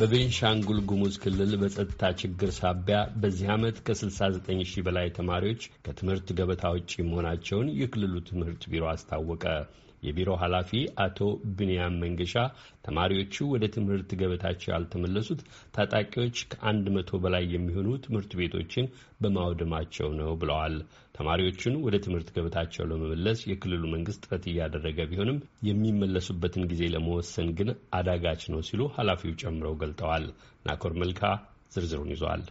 በቤንሻንጉል ጉሙዝ ክልል በጸጥታ ችግር ሳቢያ በዚህ ዓመት ከ69 ሺህ በላይ ተማሪዎች ከትምህርት ገበታ ውጪ መሆናቸውን የክልሉ ትምህርት ቢሮ አስታወቀ። የቢሮ ኃላፊ አቶ ብንያም መንገሻ ተማሪዎቹ ወደ ትምህርት ገበታቸው ያልተመለሱት ታጣቂዎች ከአንድ መቶ በላይ የሚሆኑ ትምህርት ቤቶችን በማውደማቸው ነው ብለዋል። ተማሪዎቹን ወደ ትምህርት ገበታቸው ለመመለስ የክልሉ መንግስት ጥረት እያደረገ ቢሆንም የሚመለሱበትን ጊዜ ለመወሰን ግን አዳጋች ነው ሲሉ ኃላፊው ጨምረው ገልጠዋል። ናኮር መልካ ዝርዝሩን ይዟል።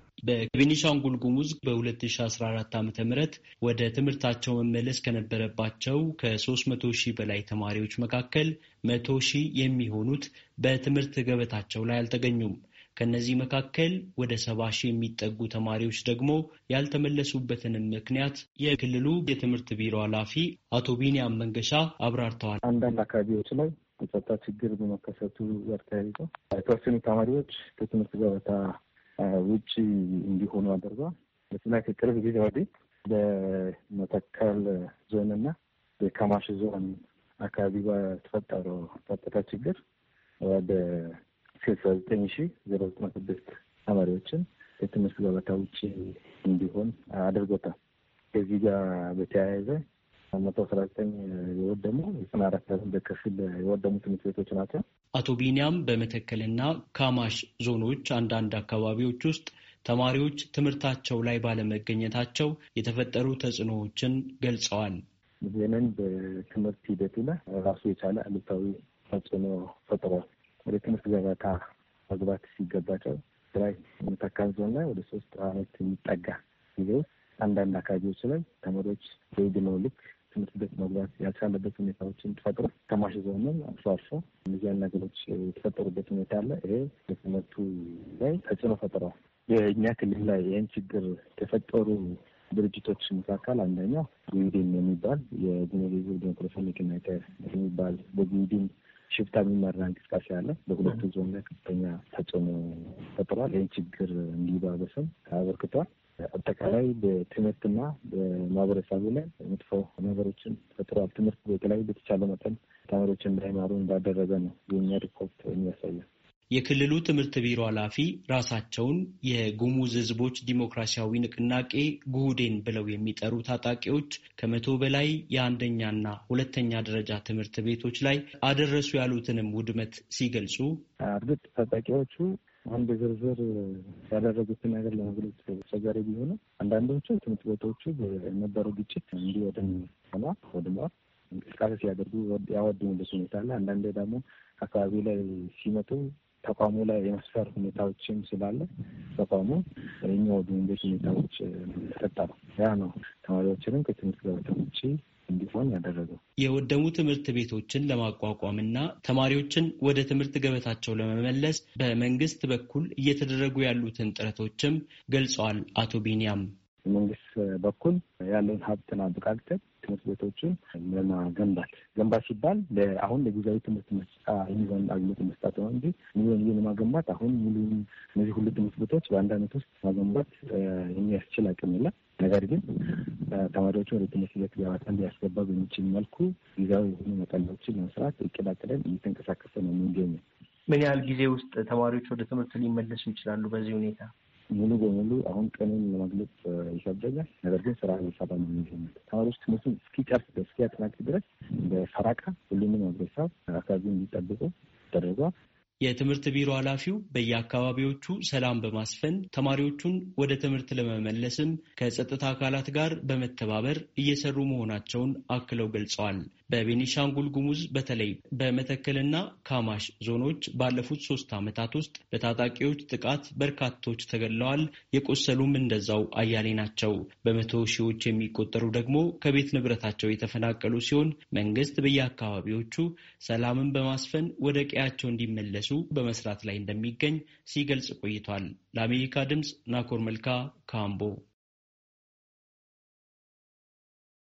በቤኒሻንጉል ጉሙዝ በ2014 ዓ ም ወደ ትምህርታቸው መመለስ ከነበረባቸው ከ300 ሺህ በላይ ተማሪዎች መካከል መቶ ሺህ የሚሆኑት በትምህርት ገበታቸው ላይ አልተገኙም። ከእነዚህ መካከል ወደ ሰባ ሺህ የሚጠጉ ተማሪዎች ደግሞ ያልተመለሱበትንም ምክንያት የክልሉ የትምህርት ቢሮ ኃላፊ አቶ ቢኒያም መንገሻ አብራርተዋል። አንዳንድ አካባቢዎች ላይ የጸጥታ ችግር በመከሰቱ ጋር ተያይዘው የተወሰኑ ተማሪዎች ከትምህርት ገበታ ውጭ እንዲሆኑ አድርጓል። በተለይ ከቅርብ ጊዜ ወዲህ በመተከል ዞን ዞንና በከማሽ ዞን አካባቢ በተፈጠረው ጸጥታ ችግር ወደ ስልሳ ዘጠኝ ሺ ዜሮ ዘጠና ስድስት ተማሪዎችን የትምህርት ገበታ ውጭ እንዲሆን አድርጎታል። ከዚህ ጋር በተያያዘ መቶ አስራ ዘጠኝ የወደሙ ዘጠና አራት ያህል በከፊል የወደሙ ትምህርት ቤቶች ናቸው። አቶ ቢኒያም በመተከልና ካማሽ ዞኖች አንዳንድ አካባቢዎች ውስጥ ተማሪዎች ትምህርታቸው ላይ ባለመገኘታቸው የተፈጠሩ ተጽዕኖዎችን ገልጸዋል። ይህንን በትምህርት ሂደቱ ላይ ራሱ የቻለ አሉታዊ ተጽዕኖ ፈጥሯል። ወደ ትምህርት ገበታ መግባት ሲገባቸው ስራይ መተከል ዞን ላይ ወደ ሶስት አመት የሚጠጋ ጊዜ ውስጥ አንዳንድ አካባቢዎች ላይ ተማሪዎች በዕድሜው ልክ ትምህርት ቤት መግባት ያልቻለበት ሁኔታዎችን ፈጥሮ ከማሽ ዞንም አልፎ አልፎ እነዚህ ነገሮች የተፈጠሩበት ሁኔታ አለ። ይሄ በትምህርቱ ላይ ተጽዕኖ ፈጥረዋል። የእኛ ክልል ላይ ይህን ችግር የፈጠሩ ድርጅቶች መካከል አንደኛው ጉዲን የሚባል የጉሙዝ ዴሞክራሲያዊ ንቅናቄ የሚባል በጉዲን ሽፍታ የሚመራ እንቅስቃሴ አለ። በሁለቱ ዞን ላይ ከፍተኛ ተጽዕኖ ፈጥሯል። ይህን ችግር እንዲባበስም አበርክቷል። አጠቃላይ በትምህርትና በማህበረሰቡ ላይ መጥፎ ነገሮችን ፈጥሯል። ትምህርት ላይ በተቻለ መጠን ተማሪዎች እንዳይማሩ እንዳደረገ ነው የኛ ሪፖርት የሚያሳየው። የክልሉ ትምህርት ቢሮ ኃላፊ ራሳቸውን የጉሙዝ ሕዝቦች ዲሞክራሲያዊ ንቅናቄ ጉህዴን ብለው የሚጠሩ ታጣቂዎች ከመቶ በላይ የአንደኛና ሁለተኛ ደረጃ ትምህርት ቤቶች ላይ አደረሱ ያሉትንም ውድመት ሲገልጹ እርግጥ ታጣቂዎቹ አንድ ዝርዝር ያደረጉትን ነገር ለመግለጽ አስቸጋሪ ቢሆንም አንዳንዶቹ ትምህርት ቤቶቹ በነበረው ግጭት እንዲህ እንዲወድም ሆና ወድማ እንቅስቃሴ ሲያደርጉ ያወድሙበት ሁኔታ አለ። አንዳንዴ ደግሞ አካባቢ ላይ ሲመጡ ተቋሙ ላይ የመስፈር ሁኔታዎችም ስላለ ተቋሙ የሚወድሙበት ሁኔታዎች ተፈጠሩ። ያ ነው ተማሪዎችንም ከትምህርት ገበታ ውጭ እንዲሆን ያደረገው የወደሙ ትምህርት ቤቶችን ለማቋቋም እና ተማሪዎችን ወደ ትምህርት ገበታቸው ለመመለስ በመንግስት በኩል እየተደረጉ ያሉትን ጥረቶችም ገልጸዋል። አቶ ቢኒያም መንግስት በኩል ያለውን ሀብትን አብቃቅተን ትምህርት ቤቶችን ለማገንባት ገንባት ሲባል አሁን ለጊዜያዊ ትምህርት መስጫ የሚሆን አግኘት መስጣት ነው እንጂ ሚሊዮን ሚሊዮን ለማገንባት አሁን ሙሉን እነዚህ ሁሉ ትምህርት ቤቶች በአንድ አመት ውስጥ ማገንባት የሚያስችል አቅም የለም። ነገር ግን ተማሪዎቹ ወደ ትምህርት ቤት ገባታ ሊያስገባ በሚችል መልኩ ጊዜያዊ የሆኑ መጠለያዎችን ለመስራት እቅድ አቅደን እየተንቀሳቀሰ ነው የሚገኘው። ምን ያህል ጊዜ ውስጥ ተማሪዎች ወደ ትምህርት ሊመለሱ ይችላሉ? በዚህ ሁኔታ ሙሉ በሙሉ አሁን ቀኑን ለመግለጽ ይከብደኛል። ነገር ግን ስራ ሰባ ነው የሚገኙት ተማሪዎች ትምህርቱን እስኪጨርስ እስኪያጠናቅ ድረስ በፈረቃ ሁሉንም ማህበረሰብ አካባቢ እንዲጠብቁ ተደርጓል። የትምህርት ቢሮ ኃላፊው በየአካባቢዎቹ ሰላም በማስፈን ተማሪዎቹን ወደ ትምህርት ለመመለስም ከጸጥታ አካላት ጋር በመተባበር እየሰሩ መሆናቸውን አክለው ገልጸዋል። በቤኒሻንጉል ጉሙዝ በተለይ በመተከልና ካማሽ ዞኖች ባለፉት ሶስት ዓመታት ውስጥ በታጣቂዎች ጥቃት በርካቶች ተገድለዋል። የቆሰሉም እንደዛው አያሌ ናቸው። በመቶ ሺዎች የሚቆጠሩ ደግሞ ከቤት ንብረታቸው የተፈናቀሉ ሲሆን መንግስት በየአካባቢዎቹ ሰላምን በማስፈን ወደ ቀያቸው እንዲመለሱ እንዲመለሱ በመስራት ላይ እንደሚገኝ ሲገልጽ ቆይቷል። ለአሜሪካ ድምፅ ናኮር መልካ ካምቦ